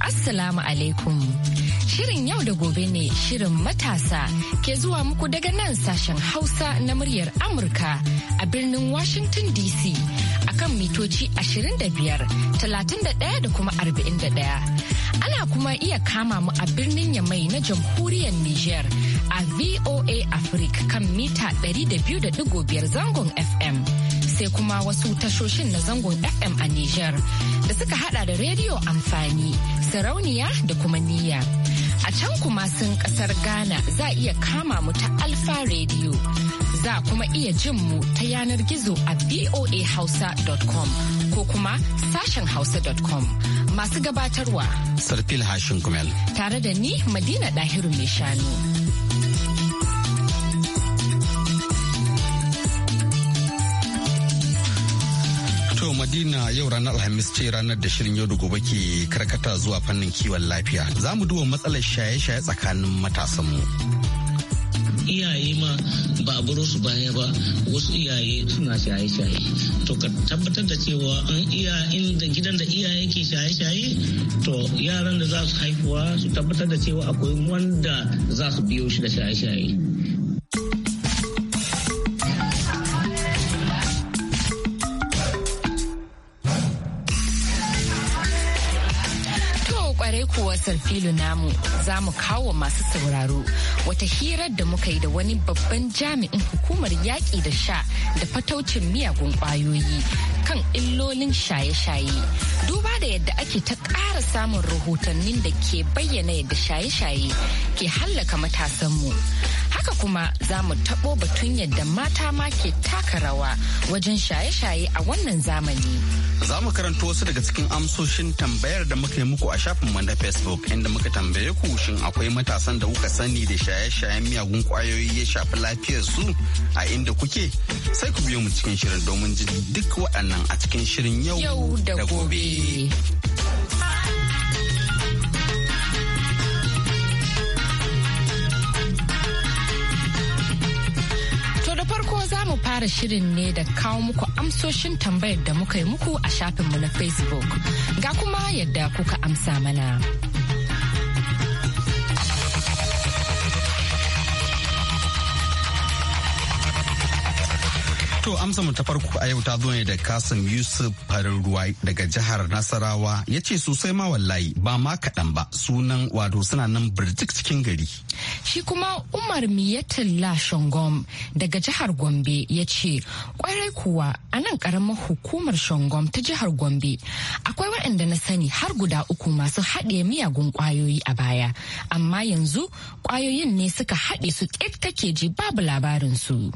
Assalamu alaikum. Shirin yau da gobe ne shirin matasa ke zuwa muku daga nan sashen Hausa na muryar Amurka a birnin Washington DC a kan mitoci 25, 31 da kuma 41. ana kuma iya kama mu a birnin yamai na jamhuriyar Nijar a VOA Africa kan mita 200.5 zangon FM. sai kuma wasu tashoshin na zangon FM a Nijar da suka hada da rediyo amfani, sarauniya da kuma niyya. A can kuma sun kasar Ghana za iya kama mu ta Alfa Radio. Za kuma iya jin mu ta yanar gizo a voahausa.com ko kuma sashen hausa.com. Masu gabatarwa. Sarfil Hashin Kumel. Tare da ni Madina Dahiru mai shanu. madina yau ranar alhamis ce ranar da shirin yau da gobe ke karkata zuwa fannin kiwon lafiya za mu duba matsalar shaye-shaye tsakanin matasanmu iyaye ma ba a su baya ba wasu iyaye suna shaye-shaye to ka tabbatar da cewa an iya inda gidan da iyaye ke shaye-shaye to yaran da za su haifuwa su tabbatar da cewa akwai wanda za su biyo shi da shaye-shaye kuwa filin namu za mu kawo masu sauraro wata hirar da muka yi da wani babban jami'in hukumar yaƙi da sha da fataucin miyagun ƙwayoyi kan illolin shaye-shaye duba da yadda ake ta ƙara samun rahotannin da ke bayyana yadda shaye-shaye ke hallaka matasanmu. Haka kuma za mu taɓo batun yadda mata ma ke taka rawa wajen shaye-shaye a wannan zamani. za mu karanto wasu daga cikin amsoshin tambayar da muka yi muku a shafin na facebook inda muka tambaye ku shin akwai matasan da kuka sani da shaye-shayen miyagun kwayoyi ya shafi lafiyar su a inda kuke sai ku biyo mu cikin shirin domin jin duk waɗannan a cikin shirin yau da gobe. za mu fara shirin ne da kawo muku amsoshin tambayar da muka yi muku a shafinmu na Facebook. Ga kuma yadda kuka amsa mana. To amsa mu ta farko a yau ta zo ne da Kasim Yusuf farin ruwa daga jihar Nasarawa ya ce sosai ma wallahi ba ma kaɗan ba sunan wato suna nan birtik cikin gari. Shi kuma Umar Miyatalla Shangom daga jihar Gombe ya ce kwarai kuwa a nan ƙaramar hukumar Shangom ta jihar Gombe akwai waɗanda na sani har guda uku masu haɗe miyagun ƙwayoyi a baya amma yanzu ƙwayoyin ne suka haɗe su ƙet keji ji babu labarin su.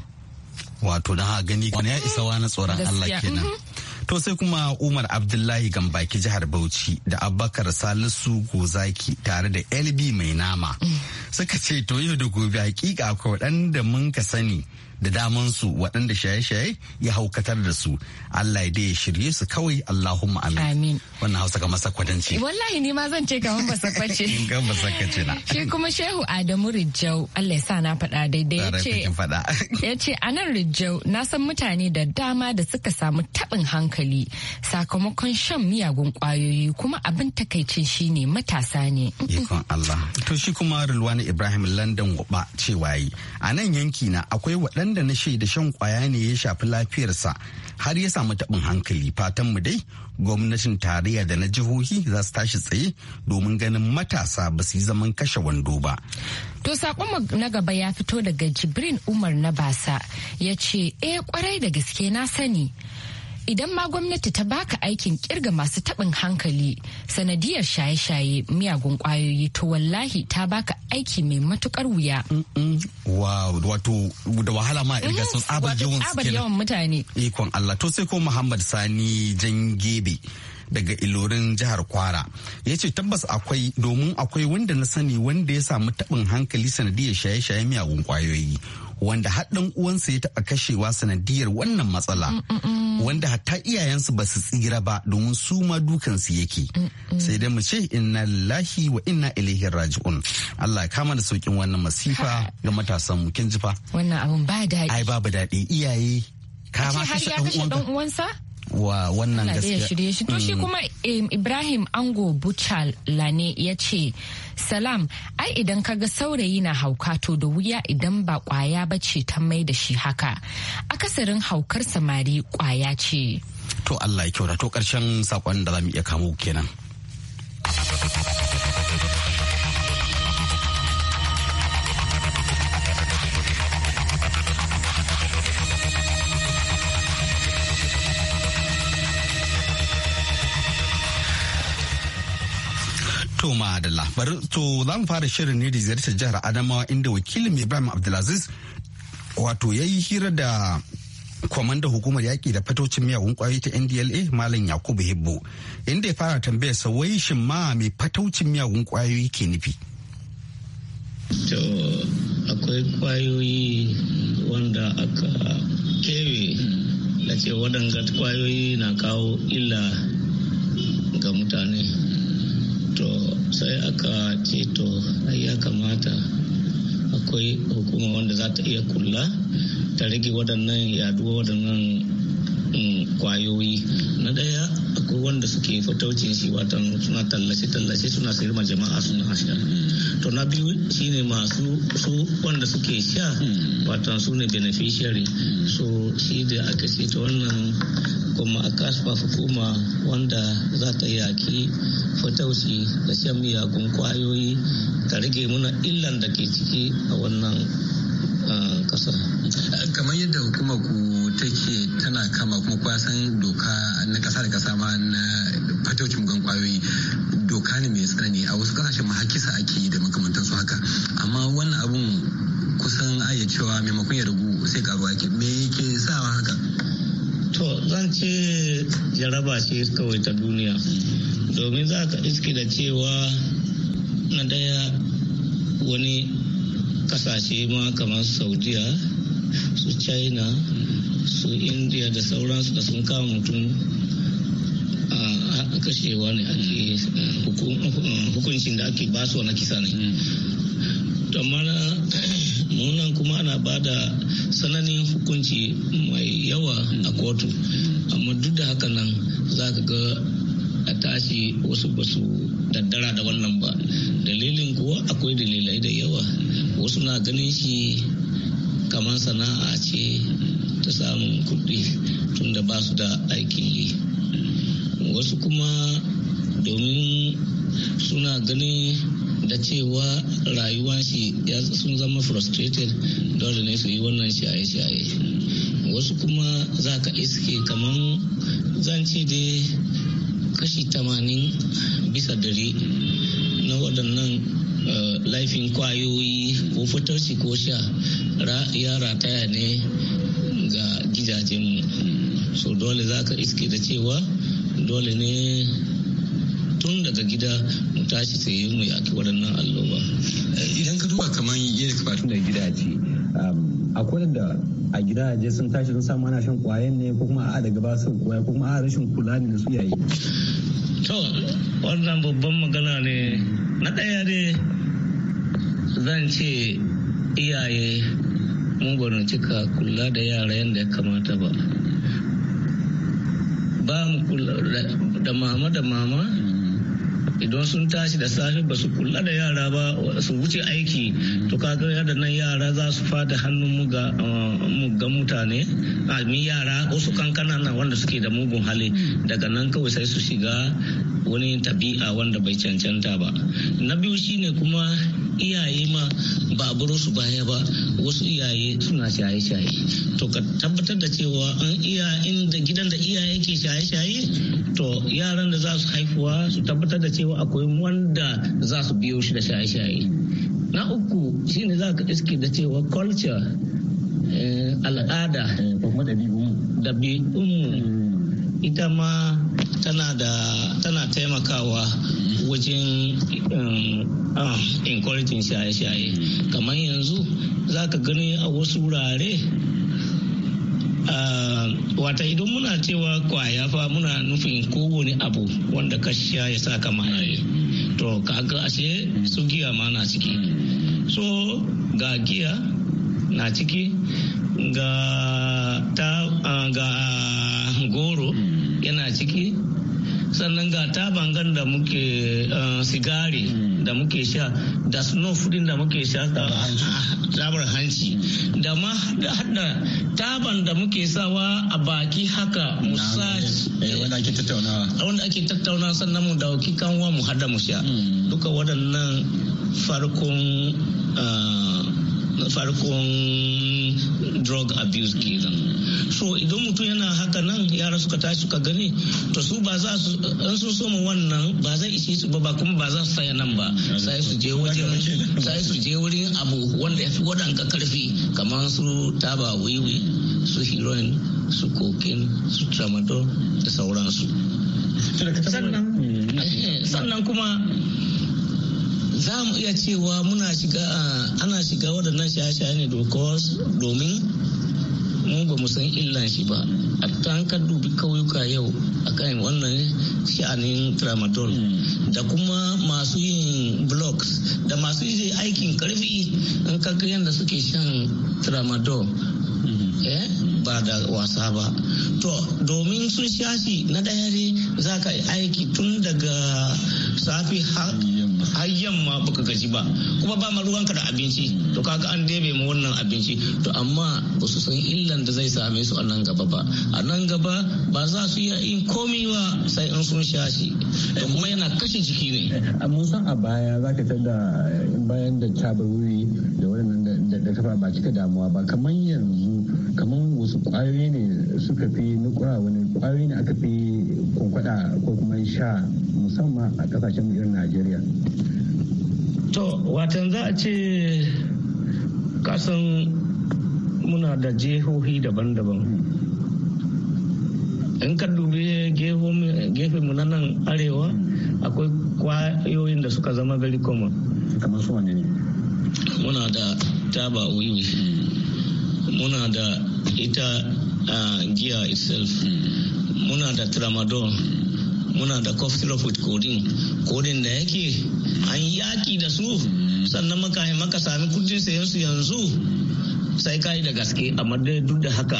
wato don haka gani kan ya isa wani tsoron Allah kenan mm-hmm. to sai kuma Umar Abdullahi Gambaki jihar Bauchi da Abubakar Salisu Gozaki tare da LB mai nama mm. suka ce to yau da gobe hakika akwai waɗanda mun ka sani da damansu waɗanda shaye-shaye ya haukatar da su Allah ya dai shirye su kawai Allahumma amin wannan Hausa ga kwadance. wallahi ni ma zan ce kamar masakwace ga masakwace na shi kuma Shehu Adamu Rijau Allah ya sa na faɗa daidai ce a anan Rijau na san mutane da dama da suka samu taɓin hankali sakamakon shan miyagun ƙwayoyi kuma abin takaicin shine matasa ne ikon Allah to shi kuma Rulwani Ibrahim London goba cewa yi a nan yanki na akwai waɗanda bayanan da na shaida shan kwaya ne ya shafi lafiyarsa har ya samu taɓin hankali fatan mu dai gwamnatin tarayya da na jihohi za su tashi tsaye domin ganin matasa ba su yi zaman kashe wando ba. To saƙon na gaba ya fito daga Jibrin Umar na basa ya ce, e eh, kwarai da gaske na sani." idan ma gwamnati ta baka aikin kirga masu taɓin hankali sanadiyar shaye-shaye miyagun ƙwayoyi to wallahi ta baka aiki mai matukar wuya. wato da wahala ma irga mm-hmm. sun abar yawan mutane. Ikon Allah to sai ko Muhammad Sani Jan Gebe. daga ilorin jihar kwara ya ce tabbas akwai domin akwai wanda na sani wanda ya samu taɓin hankali sanadiyar shaye-shaye miyagun kwayoyi wanda haɗin uwansa ya taɓa kashewa sanadiyar wannan matsala wanda hatta iyayensu ba su tsira ba domin su ma dukansu yake sai dai mu ce inna lillahi wa inna ilaihi raji'un Allah ya kama da saukin wannan masifa ga matasan mu kin jifa wannan abun ba daɗi ai babu daɗi iyaye Kama ma kashe dan uwansa wa wannan gaskiya. ya To shi mm. kuma Ibrahim Ango Bucha Lane ya ce, Salam, ai idan ka ga saurayi na hauka to da wuya idan ba kwaya ba ce ta mai da shi haka. Akasarin haukar samari kwaya ce. To Allah ya kyauta to karshen saƙon da za mu iya kamo kenan. Madalla. Bari to za mu fara shirin ne da ziyartar jihar Adamawa inda wakilin Ibrahim Abdulaziz wato ya yi hira da kwamandan hukumar yaƙi da fatocin miyagun kwayoyi ta ndla malam yakubu hibbo inda ya fara tambayar sa wai shin ma mai fatocin miyagun ƙwayoyi ke nufi to akwai ƙwayoyi wanda aka kewe da ce waɗanda ƙwayoyi na kawo illa ga mutane to sai aka ce to ya kamata akwai hukuma wanda za ta iya kula ta rage waɗannan yaduwa waɗannan kwayoyi mm, na ɗaya akwai wanda suke fataucin shi watan suna tallace tallace suna sayar ma jama'a suna sha to na biyu shine masu su wanda suke sha watan su ne beneficiary so shi da aka ce ta wannan kuma a kasuwa hukuma wanda za ta yaki fatauci da shan miyagun kwayoyi ta rage muna illan da ke ciki a wannan ah, kasar. kamar yadda hukumar ku take tana kama kuma kwasan doka na kasa da kasa ma na fatauci mugan kwayoyi doka ne mai tsanani a wasu kasashen mahakisa ake yi da makamantansu haka amma wannan abun kusan ayyacewa maimakon ya ragu sai karuwa ke me yake sawa haka to zan ce jaraba ce kawai ta duniya domin za ka iske da cewa na daya wani kasashe ma kamar saudiya su china su india da sauransu da sun kama mutum a kashewa ne ake hukuncin da ake basu na kisa ne munan kuma ana ba da sananin hukunci mai yawa a kotu amma duk da haka nan za ka ga a tashi wasu basu daddara da wannan ba dalilin kuwa akwai dalilai da yawa wasu na ganin shi kamar sana'a ce ta samun kuɗi tunda ba su da aikin yi wasu kuma domin suna ganin da cewa rayuwa shi ya sun zama frustrated dole ne su yi wannan shaye-shaye wasu kuma za ka iske zan zance dai kashi tamanin bisa dare na waɗannan eh, laifin kwayoyi ko fitarci ko sha ya rataya ne ga gidajenmu so dole za ka iske da cewa dole ne tun daga gida mu tashi tsaye mu yaki waɗannan alloba. Idan ka duba kamar yadda ka tun daga gidaje um, akwai da a gida je sun tashi sun samu ana shan kwayan ne ko kuma a daga ba su kwaya ko kuma a rashin kula ne da su yayi. To wannan babban magana ne na ɗaya ne zan ce iyaye mu ba cika kula da yara yadda ya kamata ba. ba mu kula da mama da mama idan sun tashi da safe ba su kula da yara ba su wuce aiki to kaga yadda nan yara za su fada hannun ah, ga mutane a ah, mi yara wasu kankana na wanda suke da mugun hali daga nan kawai sai su shiga wani tabi'a wanda bai cancanta ba na biyu shine kuma iyaye ma ba buru su baya ba wasu iyaye suna shaye-shaye to ka tabbatar da cewa an iya inda gidan da iyaye ke shaye-shaye to yaran da za su haifuwa su tabbatar da cewa akwai wanda za su biyo shi da shaye-shaye na uku shine za ka iske da cewa culture eh, al'ada eh, da ɗabi'unmu hmm. ita ma tana da tana taimakawa wajen um, um, encouraging shaye-shaye kamar yanzu za ka gani a wasu wurare um, wata idan muna cewa kwaya fa muna nufin kowane abu wanda ka sha ya sa ka maye to kaga ashe su giya ma na ciki so ga giya na ciki ga ta uh, ga uh, goro yana ciki sannan ga tabangan da muke eh, sigari da muke sha da snuff din da muke sha ah, tabar hanci da ma hada taban da muke sawa a baki haka musaji. Eh, wanda ake tattaunawa wanda ake tattauna sannan mu dauki kanwa mu hada mu sha hmm. duka waɗannan farkon ah, farkon drug abuse kenan so idan mutum yana haka nan yara suka tashi suka gani to su ba za su an sun soma wannan ba zai ishe su ba kuma ba za su saya nan ba sai su je wajen sai su je wurin abu wanda ya fi wadanka karfi kamar su taba wiwi su heroin su cocaine su tramadol da sauransu sannan eh, kuma za mu iya cewa muna shiga ana shiga waɗannan shaye-shaye ne domin mu ba mu san illan shi ba a ta hankar dubi kauyuka yau a akan wannan sha'anin tramadol hmm. da kuma masu yin blocks da masu yin aikin karfi in kankan yadda suke shan tramadol hmm. eh, ba da wasa ba to domin sun shashi na daya ne za ka aiki tun daga safi har har yamma baka gaji ba kuma ba ma ruwanka da abinci to kaga an debe mu wannan abinci to amma ba su san illan da zai same su a nan gaba ba a nan gaba ba za su iya yin komi ba sai an sun sha shi kuma yana kashe jiki ne a musan a baya zaka tada bayan da tabaruri da wannan da kafa ba cika damuwa ba kamar yanzu kamar wasu kwayoyi ne suka fi nukura wani kwayoyi ne aka fi kwakwada ko kuma sha musamman a kasashen irin najeriya to watan za a ce kasan muna da jihohi daban-daban in ka dubi mu na nan arewa akwai kwayoyin da suka zama gari common kamar su ne muna da taba wiwi muna da ita giya itself muna da tramadol muna da cough syrup with codeine codeine da yake an yaki da su sannan maka maka sami kudin sayan yanzu sai kai da gaske amma dai duk da haka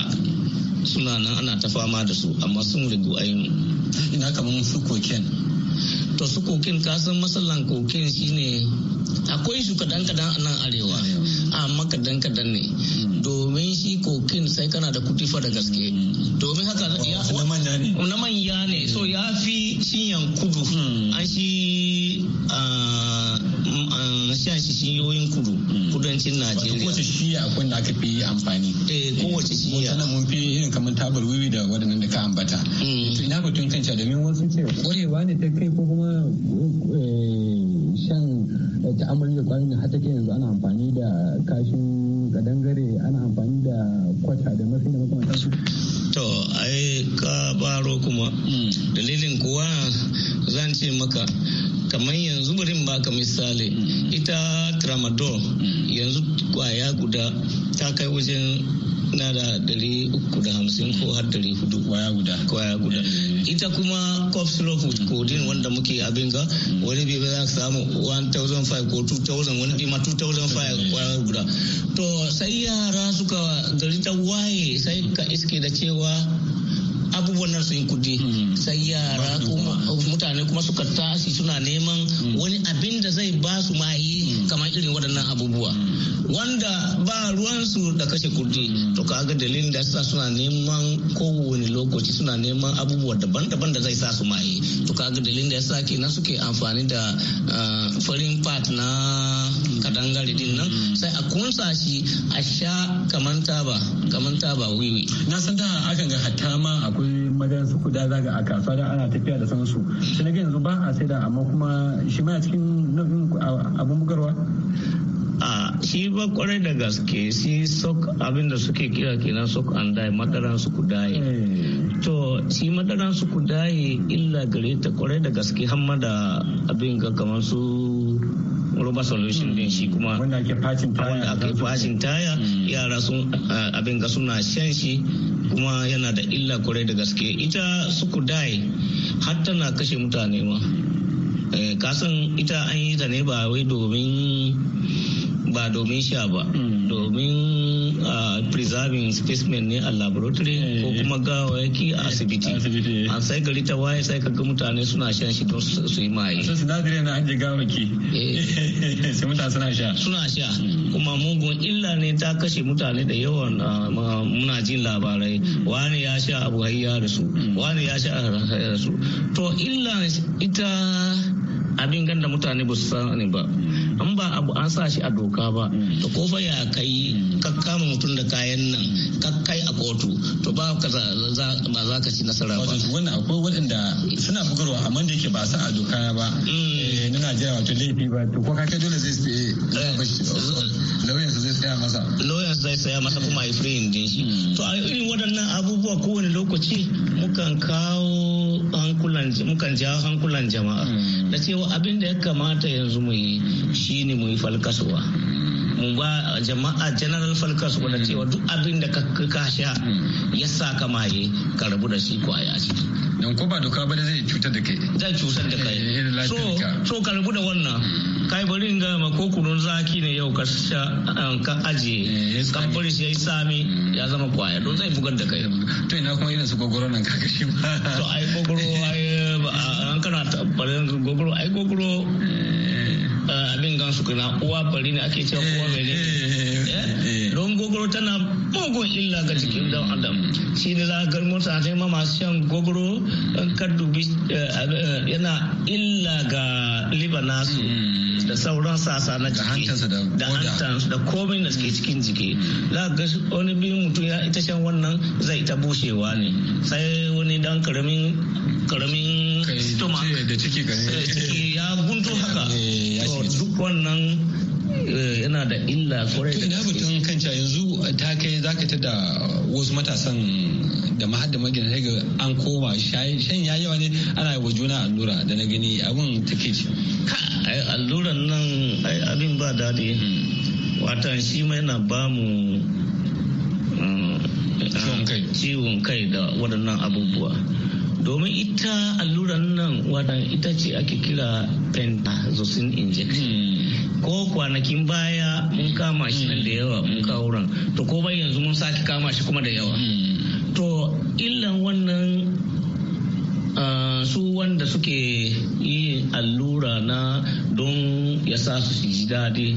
suna nan ana ta fama da su amma sun rigu ayin ina kamar su koken to su kokin kasan masallan kokin shine akwai su kadan kadan a nan arewa mm. amma kadan kadan ne mm. domin shi kokin sai kana da kudi fa da gaske mm. domin haka ya na manya ne so ya fi yan kudu an shi sha ah, ah, shiyoyin kudu kudancin najeriya kowace shiya akwai da aka fi amfani eh kowace shiya nan mun fi irin kamar tabar wiwi da waɗannan da ka ambata mm. to ina batun kanta domin wasu ce kwarewa ne ta kai ko kuma eh, shan ta'amari da kwayoyin da hata ke yanzu ana amfani da kashin kadangare ana amfani da kwata da mafi da makamantansu To, ai ka baro kuma. Mm. Dalilin kuwa zan ce maka kamar yanzu barin baka misali ita tramadol yanzu kwaya guda ta kai wajen da dari uku da hamsin ko har dari hudu kwaya guda kwaya guda eh. ita kuma cough syrup with codeine wanda muke abin ga wani bi ba za ka samu 1500 ko 2000 wani bi ma 2005 eh. kwaya guda to sai yara suka gari ta waye sai ka iske da cewa abubuwan nan sun kudi hmm. sai yara mutane kuma suka tashi suna neman hmm. wani abin da zai ba su mayi hmm. kamar irin waɗannan abubuwa wanda ba ruwansu da kashe kudi to kaga dalilin da sa suna neman kowane lokaci suna neman abubuwa daban-daban da zai sa su maye to kaga dalilin da sa kenan suke amfani da ah, farin part na kadangare din nan sai a kunsa shi a sha kaman taba kamanta ba wiwi na san da akan ga hatta ma akwai madarar su kuda zaga a kasuwa da ana tafiya da sansu shi na yanzu ba a saida amma kuma shi ma cikin nau'in abun bugarwa a shi ba kwarai da gaske shi sok abin da suke kira kenan sok an dai madaran su kudaye eh. to shi madaran su kudaye illa gare ta kwarai da gaske hamma da abin ga kamar su roba solution din shi kuma wanda ake fashin taya hmm. yara sun abin ga suna shan shi kuma yana da illa kwarai da gaske ita suku dai har tana kashe mutane ma eh, kasan ita an yi ta ne ba wai domin ba domin sha ba hmm. domin preserving specimen ne a laboratory ko eh. kuma gawayaki a asibiti eh. an sai gari ta waye sai kaga mutane suna shan shi don su yi maye sun sinadari na an je ki. Eh. sai mutane suna sha suna sha hmm. kuma mugun illa ne ta kashe mutane da yawan muna jin labarai hmm. wani ya sha abu hayya da su hmm. wani ya sha da su to illa ita abin ganda mutane ba su sani ba in ba abu an sa shi a doka ba to ko fa ya kai kakkama mutum da kayan nan kakkai a kotu to ba ka za za ka ci nasara ba wannan akwai waɗanda suna bugarwa amma da yake ba sa a doka ba eh, na Najeriya wato laifi ba to ko ka kai dole zai eh, lauyan zai tsaya masa lawyer zai tsaya masa kuma ai free din shi to a irin waɗannan abubuwa kowane lokaci mukan kawo hankulan mukan jawo hankulan jama'a da hmm. cewa abin da ya kamata yanzu mu yi shine mu yi falkasuwa mu ba jama'a general falkas na cewa duk abin da ka sha ya sa ka maye ka rabu da shi kwaya a ciki don ko ba doka ba zai cutar da kai zai cutar da kai eh, so ka rabu da wannan kai bari in gama ko kunun zaki ne yau ka ajiye kamfanin eh, shi ya yi sami ya zama kwaya don zai bugar da kai to ina kuma irin su gogoro nan kakashi ba to ai gogoro an kana tabbarin gogoro ai gogoro eh. Eh, abin gan su kana uwa bari ne ake cewa uwa mai ne don gogoro tana mugun illa ga jikin dan adam shi ne za ga mutane ma masu shan gogoro an ka dubi eh, eh, yana illa ga liba nasu mm. da sauran sasa na jiki da hantansu da komai da suke cikin jiki za ga wani biyun mutum ya ita shan wannan zai ta bushewa ne sai wani dan karamin karamin stomach eh, da ciki ya gunto haka duk wannan Eh, yana da illa kwarai da ina batun kanca yanzu ta kai zaka ta da wasu matasan da mahadda magina sai an koma shan ya yawa ne ana wa juna allura da na gani abin take ce alluran nan abin ba daɗi hmm. watan shi ma yana ba mu mm, ah, ciwon kai da waɗannan abubuwa domin ita alluran nan watan ita ce ake kira pentazocin injection hmm. ko kwanakin baya mun kama shi nan da yawa mun kawo ran to ko bai yanzu mun sake kama shi kuma da yawa to illan wannan su wanda suke yi allura na don ya sa su ji daɗi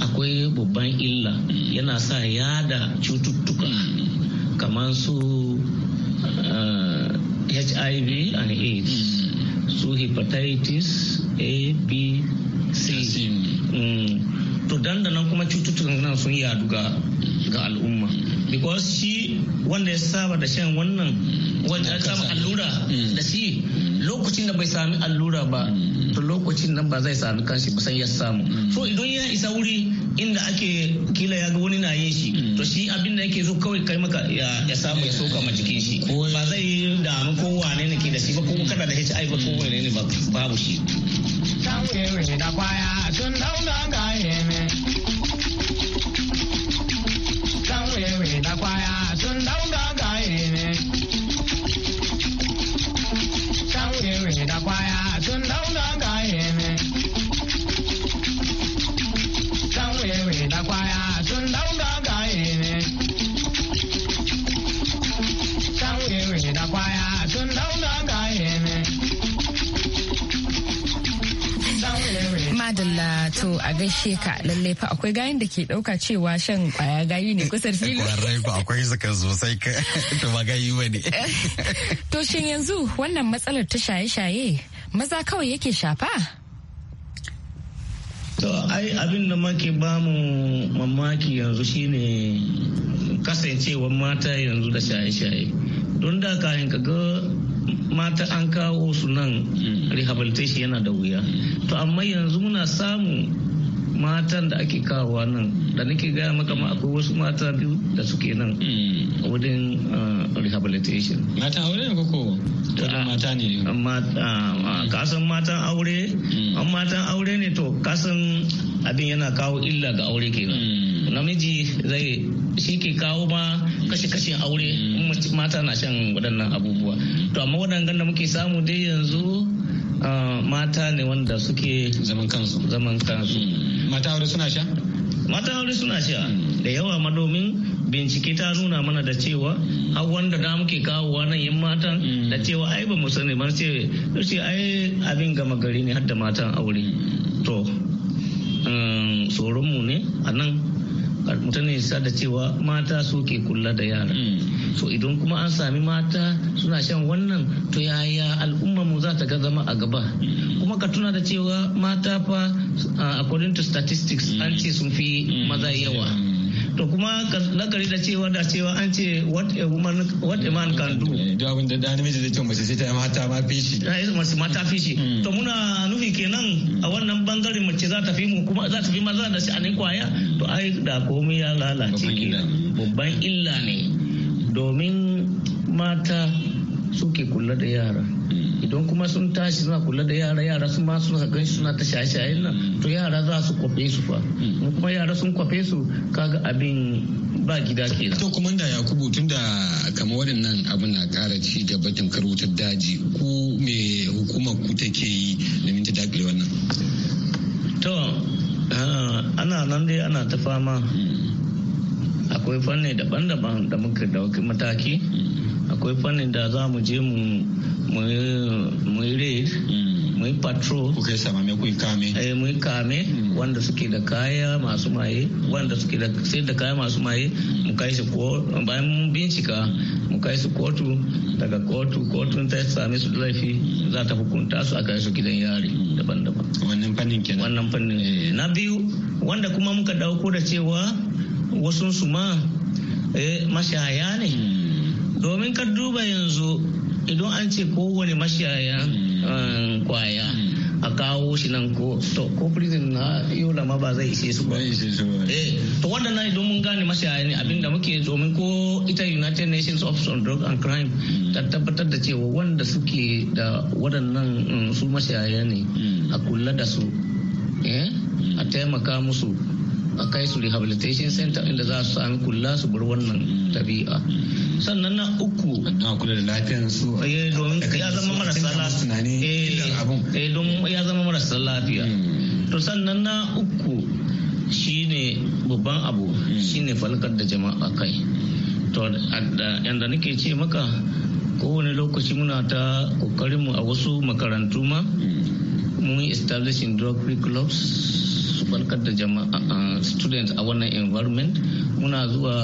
akwai babban illa yana sa yada cututtuka kamar su hiv and aids su hepatitis a b sai mm. to nan kuma cututtukan nan sun yadu ga ga al'umma because shi wanda ya saba da shan wannan wanda ya samu allura mm. da shi mm. lokacin da bai sami allura ba to lokacin nan ba zai sami kanshi ba sai ya samu so idan ya isa wuri inda ake kila ya ga wani na yin shi to shi abin da yake so kawai kai maka ya samu ya soka ma jikin shi ba zai damu ko wane ne ke da shi ba ko kada da HIV ko wane ne babu shi kewe da kwaya sun ga da kwaya gaishe ka lallai fa akwai gayin da ke dauka cewa shan kwaya gayi ne kusa fili. Kwarai fa akwai zaka sosai ka to ba gayi ba ne. To shin yanzu wannan matsalar ta shaye-shaye maza kawai yake shafa? To ai abin da muke ba mu mamaki yanzu shine kasancewar mata yanzu da shaye-shaye. Don da kayan ka ga mata an kawo su nan mm. rehabilitation yana da wuya to amma yanzu muna samu matan da ake kawowa nan da nake gaya maka ma akwai wasu mata biyu da suke nan mm. wurin uh, rehabilitation mata aure ne koko mata ne uh, uh, kasan matan aure mm. an matan aure ne to kasan abin yana kawo illa ga aure kenan mm. namiji zai shi ke kawo ma kashe-kashen aure mata na shan waɗannan abubuwa to amma waɗannan da muke samu dai yanzu mata ne wanda suke zaman kansu zaman kansu mata aure suna sha mata aure suna sha hmm. da yawa ma domin bincike ta nuna mana da cewa har wanda da muke kawowa nan yin matan hmm. da cewa ai ba mu sani mar ce ai abin gama gari ne har da matan aure to um, tsoron mu ne a nan mutane sa da cewa mata su ke kula da yara hmm. so idan kuma an sami mata suna shan wannan to yaya al'umma mu za ta ga zama a gaba kuma ka tuna da cewa mata fa according to statistics mm. an ce sun fi mm. maza yawa mm. to kuma lagari da cewa da cewa an ce what a woman what a man can do eh, da abin da da namiji zai ce mace sai ta mata ma fishi da yi mace mata fishi to muna nufi kenan a wannan bangaren mace za ta fi mu kuma za ta fi maza da shi a kwaya to ai da komai ya lalace babban illa ne domin mata suke kula da yara idan kuma sun tashi suna kula da yara yara su ma suna gan suna ta shaye-shayen nan to yara za su kwafe su fa kuma yara sun kwafe su kaga abin ba gida ke to kuma da yakubu tun da kama waɗannan abin na ƙara ci gaba tamkar wutar daji ku me hukumar ku take yi domin ta dakile wannan to ah, ana nan dai ana ta fama hmm. akwai fanni daban-daban da muka dauki mataki akwai fanni da za mu je mu yi raid mu yi patrol kuka yi samame ku kame eh mu yi kame wanda suke da kaya masu maye wanda suke da sai da kaya masu maye mu kai su ko bayan mun bincika mu kai su kotu daga kotu kotun ta same su laifi za ta hukunta su a kai su gidan yari daban-daban wannan fannin kenan wannan fannin eh. na biyu wanda kuma muka dauko da cewa wasu su ma eh, mashaya ne domin ka duba yanzu idan an ce kowane mashaya eh, kwaya a kawo shi nan ko to ko prison na yola ma ba zai ishe su ba eh to waɗannan idan mun gane mashaya ne abinda muke domin ko ita United Nations Office on Drug and Crime ta tabbatar da cewa wanda suke da waɗannan mm, su mashaya ne a kula da su eh, a taimaka musu a kai su rehabilitation center inda za su sami kula su bar wannan tabi'a sannan na uku na kula da lafiyar eh, su eh, eh domin ya zama marasa lafiya eh don ya zama marasa lafiya to sannan na uku shine babban abu hmm. shine falkar da jama'a kai to yanda nake ce maka kowane lokaci muna ta kokarinmu a wasu makarantu ma hmm. mun establishing drug free clubs su farkar da jama'a students a wannan environment muna zuwa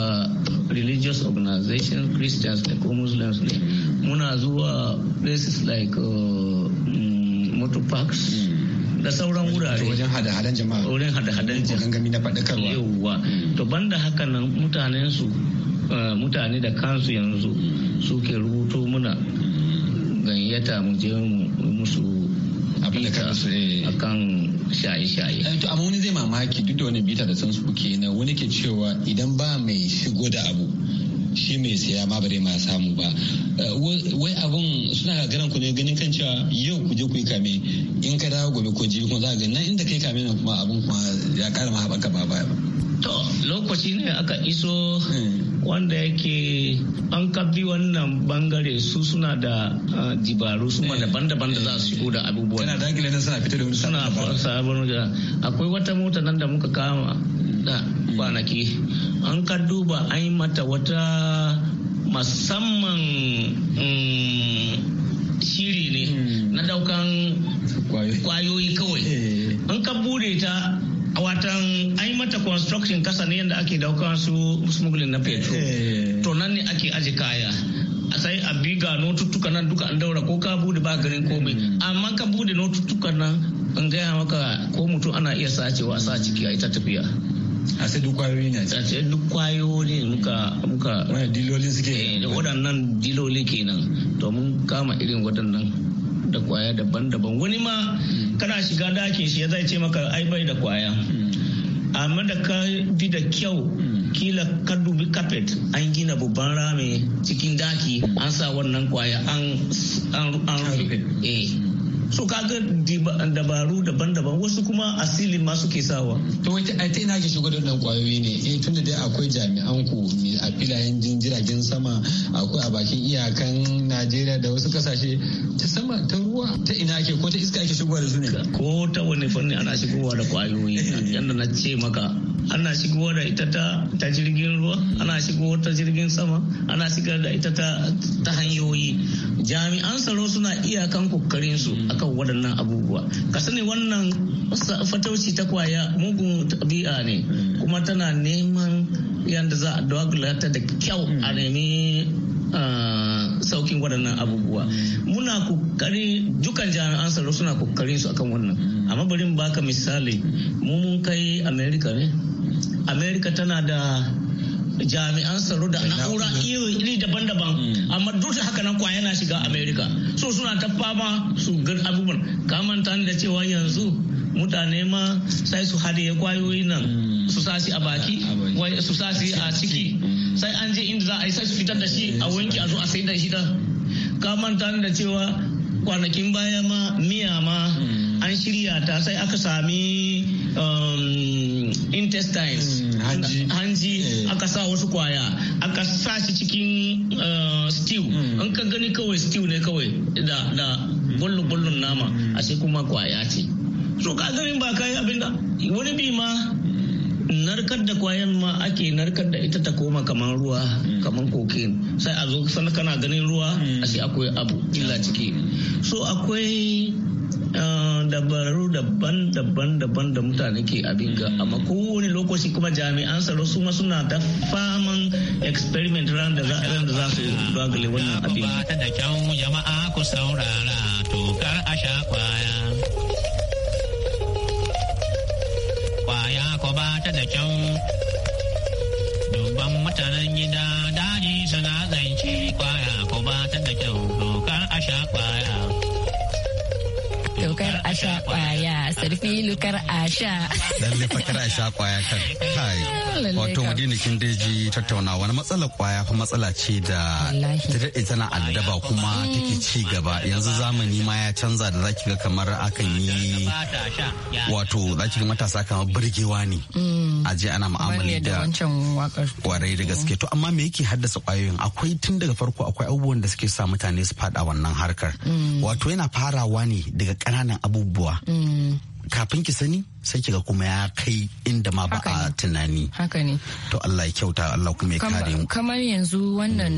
religious organizations christians da ko muslims ne muna zuwa places like uh, mm, motor parks mm. da sauran wurare wajen hada-hadan jama'a wurin hada-hadan jama'a gangami na faɗakarwa yawwa to mm. banda haka nan mutanen su uh, mutane da kansu yanzu suke rubuto muna gayyata mu je mu musu abin da kansu eh. akan shaye-shaye. Eh, to amma wani zai mamaki duk da wani bita da san su kuke na wani ke cewa idan ba mai shigo da abu shi mai saya ma bare ma samu ba eh, wai abun suna gagaran ku ne ganin kan cewa yau ku je ku yi kame in ka dawo gobe ko jibi kuma za ga nan inda kai kame nan kuma abun kuma ya kara ma haɓaka ba ba to lokaci ne aka iso hmm. wanda yake an kabbi wannan bangare su suna da dibaru suma eh, daban-daban da za su eh, shigo da eh. abubuwan yana da da suna fitar da wani suna sabon akwai wata mota nan da muka kama da kwanaki an ka duba an yi mata wata musamman mm, shiri ne hmm. na daukan kwayoyi kawai an ka bude ta watan an yi mata construction kasa ne yadda ake dauka su smuggling na petrol eh. to nan ne ake aje kaya a sai a biga notuttuka nan duka an daura ko ka bude ba garin komai hmm. amma ka bude notuttuka nan an gaya maka ko mutum ana iya sacewa sa ciki a ita tafiya a sai duk kwayoyi ne a sai duk kwayoyi ne muka muka dilolin suke eh, waɗannan diloli kenan to mun kama irin waɗannan da kwaya daban-daban wani ma kana shiga dakin shi ya zai ce maka ai bai da kwaya amma da ka bi da kyau kila ka dubi carpet an gina babban rami cikin daki an sa wannan kwaya an rufe eh. so kaga dabaru daban-daban wasu kuma asili ma suke sawa to wace a ta ina ke shigo da wannan kwayoyi ne eh tunda dai akwai jami'an ku a filayen jiragen sama akwai a bakin iyakan Najeriya da wasu kasashe ta sama ta ruwa ta ina ke ko ta iska ake shigowa da su ne ko ta wani fanni ana shigowa da kwayoyi yadda na ce maka ana shigowa da ita ta jirgin ruwa ana shigowa ta jirgin sama ana shigar da ita ta hanyoyi jami'an tsaro suna iyakan kokarin su akan waɗannan abubuwa ka sani wannan fatauci ta kwaya mugun tabi'a ne kuma tana neman yadda za a dogulata da kyau a nemi saukin waɗannan abubuwa muna kokari dukkan jami'an tsaro suna kokarin su akan wannan amma bari baka misali mu mun kai america ne america tana da jami'an tsaro da na'ura iri daban-daban hmm. amma duk da haka nan kwaya na shiga Amerika so suna ta fama su gan abubuwan kamanta da cewa yanzu mutane ma sai su haɗe kwayoyi nan hmm. su sasi a baki su sasi a ciki hmm. sai an je inda za a yi sai su fitar da shi a wanki a zo a sai da shi da kamanta da cewa kwanakin baya ma miya ma an shirya ta sai aka sami um, intestines hmm, hanji eh. aka sa wasu kwaya aka sa shi cikin eh, stew an hmm. ka gani kawai stew ne kawai da bullu-bullun hmm. nama a sai kuma kwaya ce so ka gani ba ka yi wani bi ma narkar da kwayan ma ake narkar da ita ta koma kamar ruwa kamar kokin sai a zo sana kana ganin ruwa a sai akwai abu illa ciki so akwai Ah, dabaru daban-daban daban da mutane ke abin ga amma kowane lokaci kuma jami'an tsaro su ma suna da faman experiment ran da za za su bagale wannan abin ta da kyau jama'a ku saurara tokar a sha kwaya kwaya ko ba ta da kyau. dubban mutanen gida daji suna a sha kwaya sarfi lukar a sha lalle fakar a sha kwaya kan kai wato madina kin tattaunawa na matsalar kwaya fa matsala ce da ta dade tana addaba kuma take mm. ci gaba yanzu zamani ma ya canza da zaki ga kamar akan yi wato zaki ga matasa kamar burgewa ne mm. a je ana mu'amala da kwarai da gaske to amma me yake haddasa kwayoyin akwai tun daga farko akwai abubuwan da suke sa mutane su fada wannan harkar mm. wato yana farawa ne daga ƙananan abubuwa abubuwa mm. kafin ki sani sai kiga kuma ya kai inda ma ba a tunani haka ne to Allah ya kyauta Allah kuma ya kare mu kamar yanzu wannan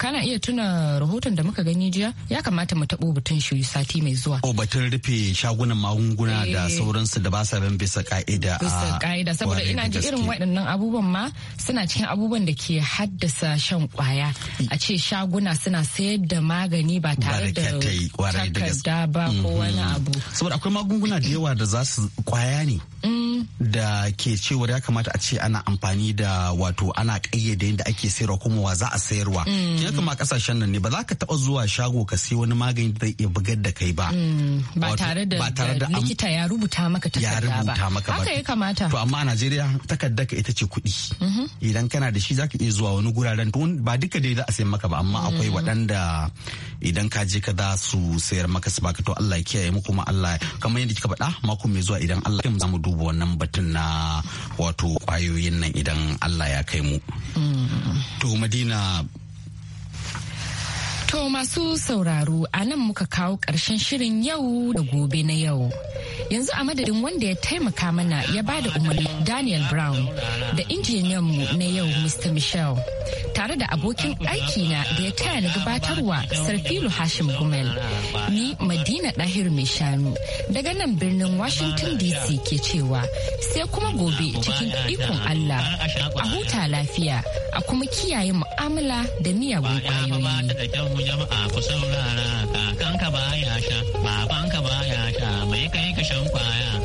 kana iya tuna rahoton da muka gani jiya ya kamata mu tabo batun shi sati mai zuwa o oh, batun rufe shagunan magunguna da eh. sauransu da ba sa bin bisa ka'ida bisa ka'ida saboda ina ji irin waɗannan abubuwan ma suna cikin abubuwan da ke haddasa shan kwaya a ce shaguna suna sayar da magani ba tare da takarda ba ko mhm. wani abu saboda akwai magunguna da yawa da za su kwaya ne mm. da ke cewar ya kamata a ce ana amfani da wato ana kayyade yadda ake sayarwa kuma wa za a sayarwa mm. kin kama kasashen nan ne ba za ka taba zuwa shago ka sai wani magani da zai iya bugar da kai ba mm. ba tare da likita ya rubuta maka takarda ba haka ya kamata to amma a Najeriya takarda ka ita ce kuɗi mm-hmm. idan kana da shi za ka iya zuwa wani guraren to ba duka dai za a sayar maka ba amma akwai waɗanda idan ka je ka za su sayar maka su baka to Allah ya kiyaye mu kuma Allah kamar yadda kika faɗa mako mai zuwa idan Allah ya za mu duba wannan batun na wato kwayoyin nan idan Allah ya kai mu. Mm. To Madina To masu sauraro a nan muka kawo ƙarshen shirin yau da gobe na yau. Yanzu a madadin wanda ya taimaka mana ya ba da umarni Daniel Brown da injiniyanmu na yau Mr. Michel tare da abokin aiki na da ya taya na gabatarwa Sarfilu Hashim Gumel. Ni Madina Dahir mai shanu daga nan birnin Washington DC ke cewa sai kuma gobe cikin ikon Allah a huta lafiya a kuma kiyaye mu'amala da miyagun ƙwayoyi. jama'a ku saurara kakanka baya sha babanka baya sha mai kai ka shan kwaya